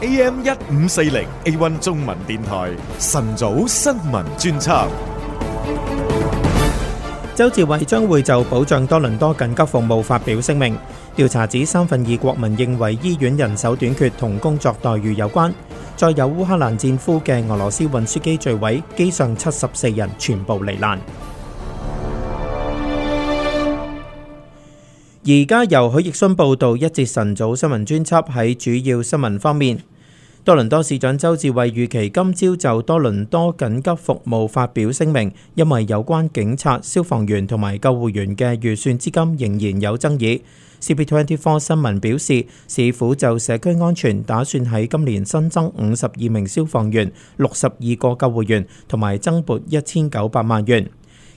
AM 一五四零 A1 中文電台晨早新聞專輯。周志偉將會就保障多倫多緊急服務發表聲明。調查指三分二國民認為醫院人手短缺同工作待遇有關。再有烏克蘭戰俘嘅俄羅斯運輸機墜毀，機上七十四人全部罹難。而家由許奕迅報道一節晨早新聞專輯。喺主要新聞方面，多倫多市長鄒至蕙預期今朝就多倫多緊急服務發表聲明，因為有關警察、消防員同埋救護員嘅預算資金仍然有爭議。CP24 新聞表示，市府就社區安全打算喺今年新增五十二名消防員、六十二個救護員，同埋增撥一千九百萬元。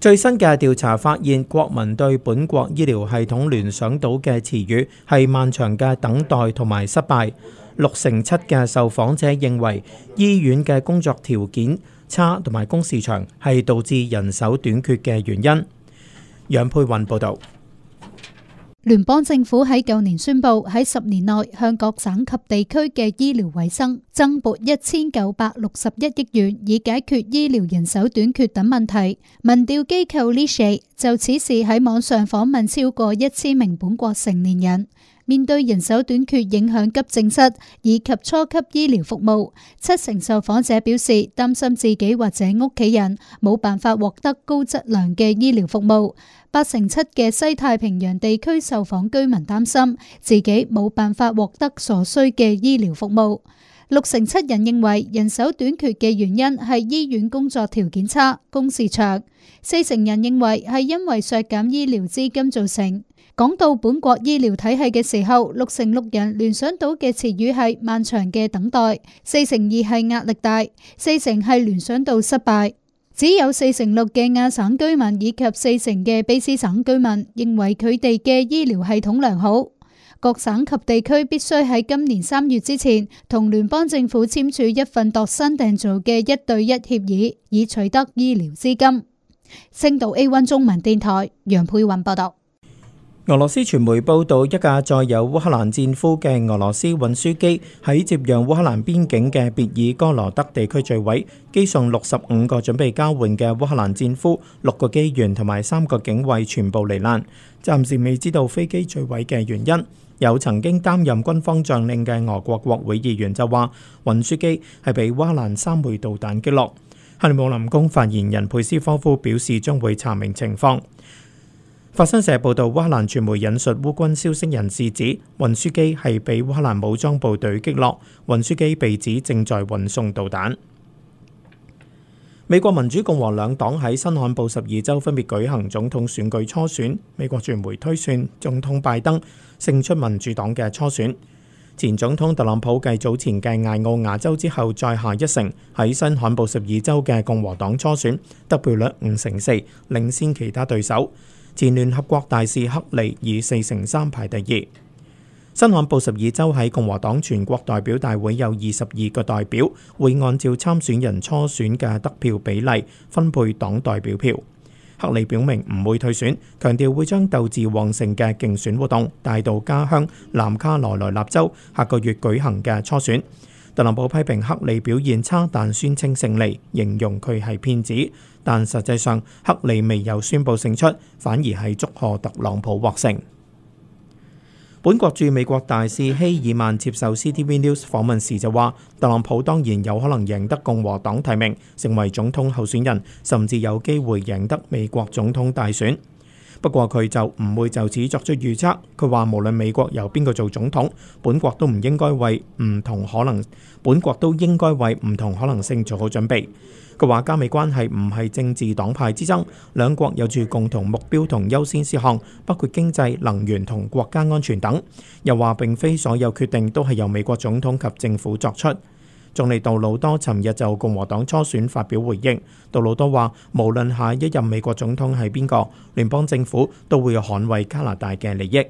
最新嘅調查發現，國民對本國醫療系統聯想到嘅詞語係漫長嘅等待同埋失敗。六成七嘅受訪者認為，醫院嘅工作條件差同埋工時長係導致人手短缺嘅原因。楊佩雲報導。聯邦政府喺舊年宣布，喺十年內向各省及地區嘅醫療衛生增撥一千九百六十一億元，以解決醫療人手短缺等問題。民調機構 Lish 就此事喺網上訪問超過一千名本國成年人。面對人手短缺，影響急症室以及初級醫療服務，七成受訪者表示擔心自己或者屋企人冇辦法獲得高質量嘅醫療服務。八成七嘅西太平洋地區受訪居民擔心自己冇辦法獲得所需嘅醫療服務。六成七人認為人手短缺嘅原因係醫院工作條件差、工時長；四成人認為係因為削減醫療資金造成。講到本國醫療體系嘅時候，六成六人聯想到嘅詞語係漫長嘅等待，四成二係壓力大，四成係聯想到失敗。只有四成六嘅亞省居民以及四成嘅卑斯省居民認為佢哋嘅醫療系統良好。各省及地區必須喺今年三月之前同聯邦政府簽署一份度身訂造嘅一對一協議，以取得醫療資金。星島 A1 中文電台楊佩雲報道。俄羅斯傳媒報道，一架載有烏克蘭戰俘嘅俄羅斯運輸機喺接壤烏克蘭邊境嘅別爾哥羅德地區墜毀，機上六十五個準備交換嘅烏克蘭戰俘，六個機員同埋三個警衛全部罹難，暫時未知道飛機墜毀嘅原因。有曾經擔任軍方將領嘅俄國國會議員就話運輸機係被烏克蘭三枚導彈擊落。克里姆林宮發言人佩斯科夫表示將會查明情況。法新社報道，烏克蘭傳媒引述烏軍消息人士指，運輸機係被烏克蘭武裝部隊擊落。運輸機被指正在運送導彈。美國民主共和兩黨喺新罕布什爾州分別舉行總統選舉初選。美國傳媒推算，總統拜登勝出民主黨嘅初選。前總統特朗普繼早前嘅艾奧亞州之後，再下一城喺新罕布什爾州嘅共和黨初選得票率五成四，領先其他對手。前聯合國大使克利以四成三排第二。新罕布什爾州喺共和黨全國代表大會有二十二個代表，會按照參選人初選嘅得票比例分配黨代表票。克利表明唔會退選，強調會將鬥志旺盛嘅競選活動帶到家鄉南卡羅來納州下個月舉行嘅初選。特朗普批評克利表現差，但宣稱勝利，形容佢係騙子。但實際上，克利未有宣布勝出，反而係祝賀特朗普獲勝。本國駐美國大使希爾曼接受 CTV News 訪問時就話，特朗普當然有可能贏得共和黨提名，成為總統候選人，甚至有機會贏得美國總統大選。不過佢就唔會就此作出預測。佢話無論美國由邊個做總統，本國都唔應該為唔同可能，本國都應該為唔同可能性做好準備。佢話加美關係唔係政治黨派之爭，兩國有住共同目標同優先事項，包括經濟、能源同國家安全等。又話並非所有決定都係由美國總統及政府作出。總理杜魯多尋日就共和黨初選發表回應。杜魯多話，無論下一任美國總統係邊個，聯邦政府都會捍衛加拿大嘅利益。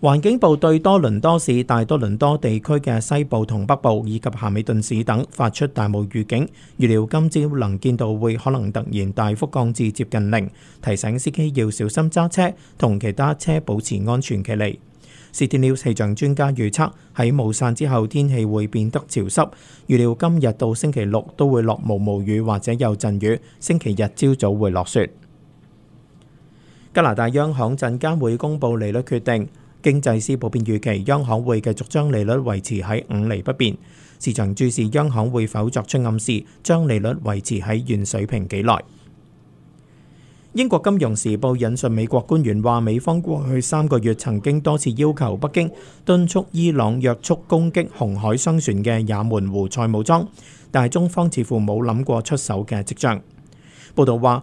環境部對多倫多市、大多倫多地區嘅西部同北部以及夏美頓市等發出大霧預警，預料今朝能見度會可能突然大幅降至接近零，提醒司機要小心揸車，同其他車保持安全距離。視聽了氣象專家預測，喺霧散之後，天氣會變得潮濕。預料今日到星期六都會落毛毛雨或者有陣雨，星期日朝早會落雪。加拿大央行陣間會公布利率決定，經濟師普遍預期央行會繼續將利率維持喺五釐不變。市場注視央行會否作出暗示，將利率維持喺原水平幾耐。英國金融時報引述美國官員話：美方過去三個月曾經多次要求北京敦促伊朗約束攻擊紅海商船嘅也門胡塞武裝，但係中方似乎冇諗過出手嘅跡象。報導話，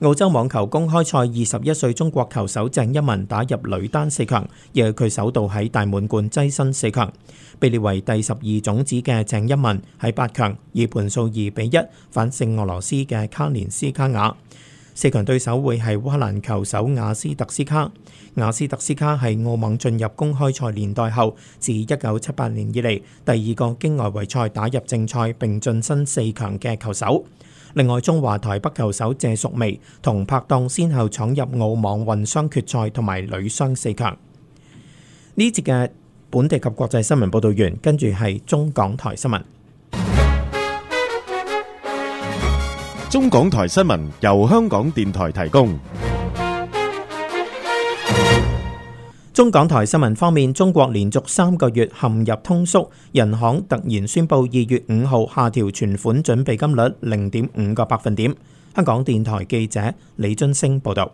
澳洲網球公開賽，二十一歲中國球手鄭一文打入女單四強，亦係佢首度喺大滿貫躋身四強。被列為第十二種子嘅鄭一文，喺八強以盤數二比一反勝俄羅斯嘅卡連斯卡雅，四強對手會係烏克蘭球手雅斯特斯卡。雅斯特斯卡係澳網進入公開賽年代後，自一九七八年以嚟第二個經外圍賽打入正賽並晉身四強嘅球手。另外，中華台北球手謝淑薇同拍檔，先後闖入澳網混雙決賽同埋女雙四強。呢節嘅本地及國際新聞報導員，跟住係中港台新聞。中港台新聞由香港電台提供。中港台新聞方面，中國連續三個月陷入通縮，人行突然宣布二月五號下調存款準備金率零點五個百分點。香港電台記者李津升報道，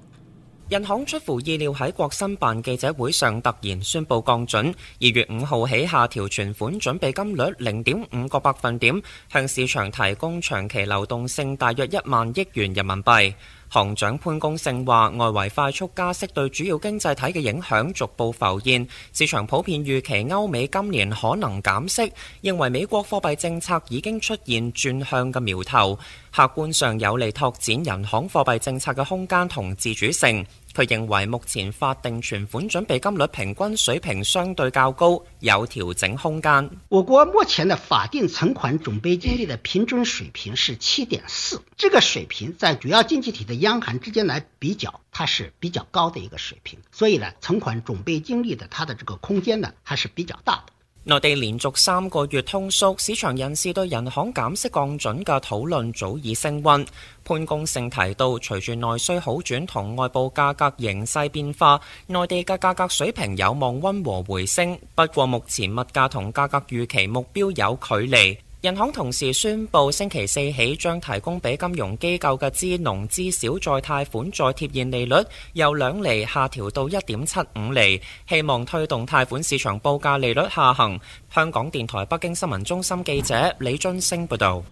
人行出乎意料喺國新辦記者會上突然宣布降準，二月五號起下調存款準備金率零點五個百分點，向市場提供長期流動性大約一萬億元人民幣。行長潘功勝話：外圍快速加息對主要經濟體嘅影響逐步浮現，市場普遍預期歐美今年可能減息，認為美國貨幣政策已經出現轉向嘅苗頭，客觀上有利拓展人行貨幣政策嘅空間同自主性。佢認為目前法定存款準備金率平均水平相對較高，有調整空間。我國目前的法定存款準備金率的平均水平是七點四，這個水平在主要經濟體的央行之間來比較，它是比較高的一個水平，所以呢，存款準備金率的它的這個空間呢，還是比較大的。內地連續三個月通縮，市場人士對人行減息降準嘅討論早已升溫。潘功勝提到，隨住內需好轉同外部價格形勢變化，內地嘅價格水平有望溫和回升。不過，目前物價同價格預期目標有距離。人行同時宣布，星期四起將提供俾金融機構嘅支農支小再貸款再貼現利率由兩厘下調到一點七五厘，希望推動貸款市場報價利率下行。香港電台北京新聞中心記者李津星報道。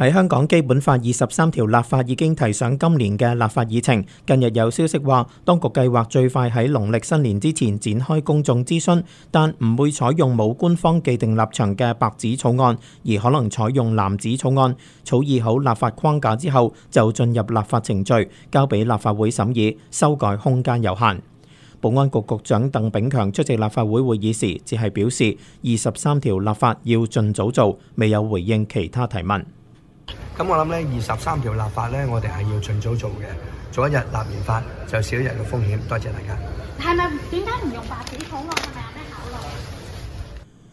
喺香港基本法二十三條立法已經提上今年嘅立法議程。近日有消息話，當局計劃最快喺農曆新年之前展開公眾諮詢，但唔會採用冇官方既定立場嘅白紙草案，而可能採用藍紙草案。草擬好立法框架之後，就進入立法程序，交俾立法會審議，修改空間有限。保安局局長鄧炳強出席立法會會議時，只係表示二十三條立法要盡早做，未有回應其他提問。咁我諗咧，二十三條立法咧，我哋係要盡早做嘅，早一日立完法就少一日嘅風險。多謝大家。係咪點解唔用白紙孔啊？係咪啊？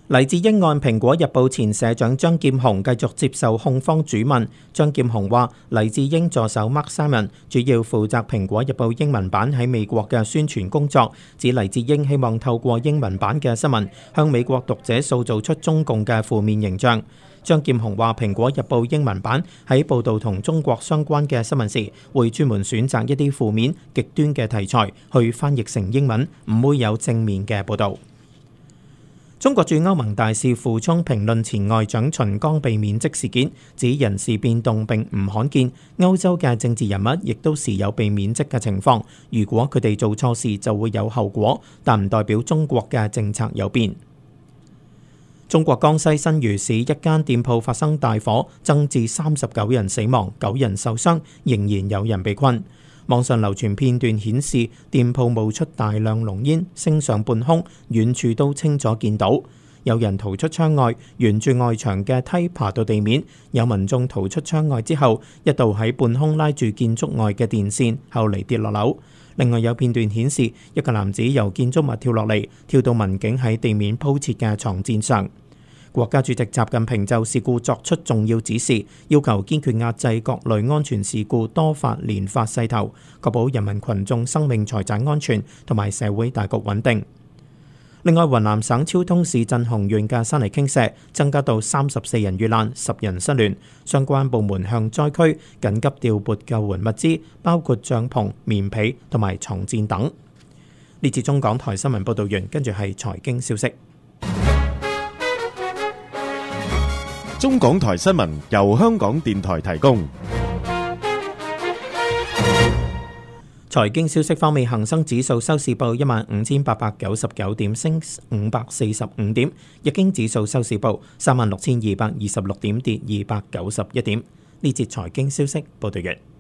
黎智英案，蘋果日報前社長張劍虹繼續接受控方主問。張劍虹話：黎智英助手 Mark Simon 主要負責蘋果日報英文版喺美國嘅宣傳工作。指黎智英希望透過英文版嘅新聞，向美國讀者塑造出中共嘅負面形象。張劍虹話：蘋果日報英文版喺報道同中國相關嘅新聞時，會專門選擇一啲負面極端嘅題材去翻譯成英文，唔會有正面嘅報道。中國駐歐盟大使傅聰評論前外長秦剛被免職事件，指人事變動並唔罕見，歐洲嘅政治人物亦都時有被免職嘅情況。如果佢哋做錯事就會有後果，但唔代表中國嘅政策有變。中國江西新余市一間店鋪發生大火，增至三十九人死亡，九人受傷，仍然有人被困。網上流傳片段顯示，店鋪冒出大量濃煙，升上半空，遠處都清楚見到。有人逃出窗外，沿住外牆嘅梯爬到地面。有民眾逃出窗外之後，一度喺半空拉住建築外嘅電線，後嚟跌落樓。另外有片段顯示，一個男子由建築物跳落嚟，跳到民警喺地面鋪設嘅牀墊上。國家主席習近平就事故作出重要指示，要求堅決壓制各類安全事故多發連發勢頭，確保人民群眾生命財產安全同埋社會大局穩定。另外，雲南省昭通市鎮雄縣嘅山泥傾瀉，增加到三十四人遇難、十人失聯，相關部門向災區緊急調撥救援物資，包括帳篷、棉被同埋床墊等。列至中港台新聞報道員，跟住係財經消息。中港台新聞由香港電台提供。財經消息方面，恒生指數收市報一萬五千八百九十九點，升五百四十五點；日經指數收市報三萬六千二百二十六點，跌二百九十一點。呢節財經消息報道完。